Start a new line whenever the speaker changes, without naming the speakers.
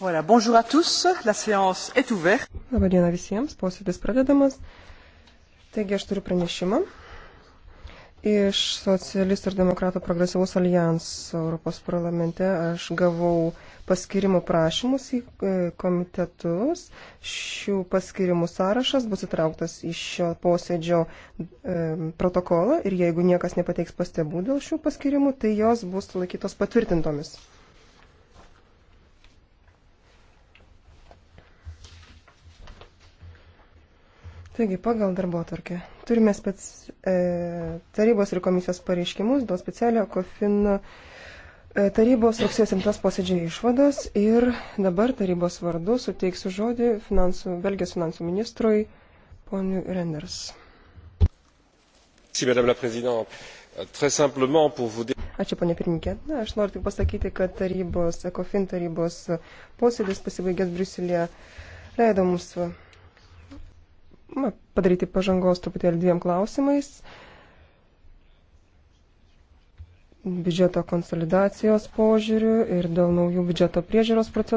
Voilà, bonjour à tous, la séance est ouverte.
Labadiena visiems, posėdis pradedamas. Taigi aš turiu pranešimą. Iš Socialistų ir Demokratų progresyvus alijanso Europos parlamente aš gavau paskirimo prašymus į e, komitetus. Šių paskirimų sąrašas bus įtrauktas į šio posėdžio e, protokolą ir jeigu niekas nepateiks pastebų dėl šių paskirimų, tai jos bus laikytos patvirtintomis. Taigi, pagal darbo tvarkę turime spec, e, tarybos ir komisijos pareiškimus dėl specialio COFIN e, tarybos rugsėjo 7 posėdžio išvados ir dabar tarybos vardu suteiksiu žodį finansų, Belgijos finansų ministrui poniu Renders. Ačiū, ponė pirmininkė. Na, aš noriu tik pasakyti, kad tarybos, COFIN tarybos posėdis pasibaigęs Briuselėje leido mums padaryti pažangos truputėlį dviem klausimais. Biudžeto konsolidacijos požiūrių ir dėl naujų biudžeto priežiūros procedūrų.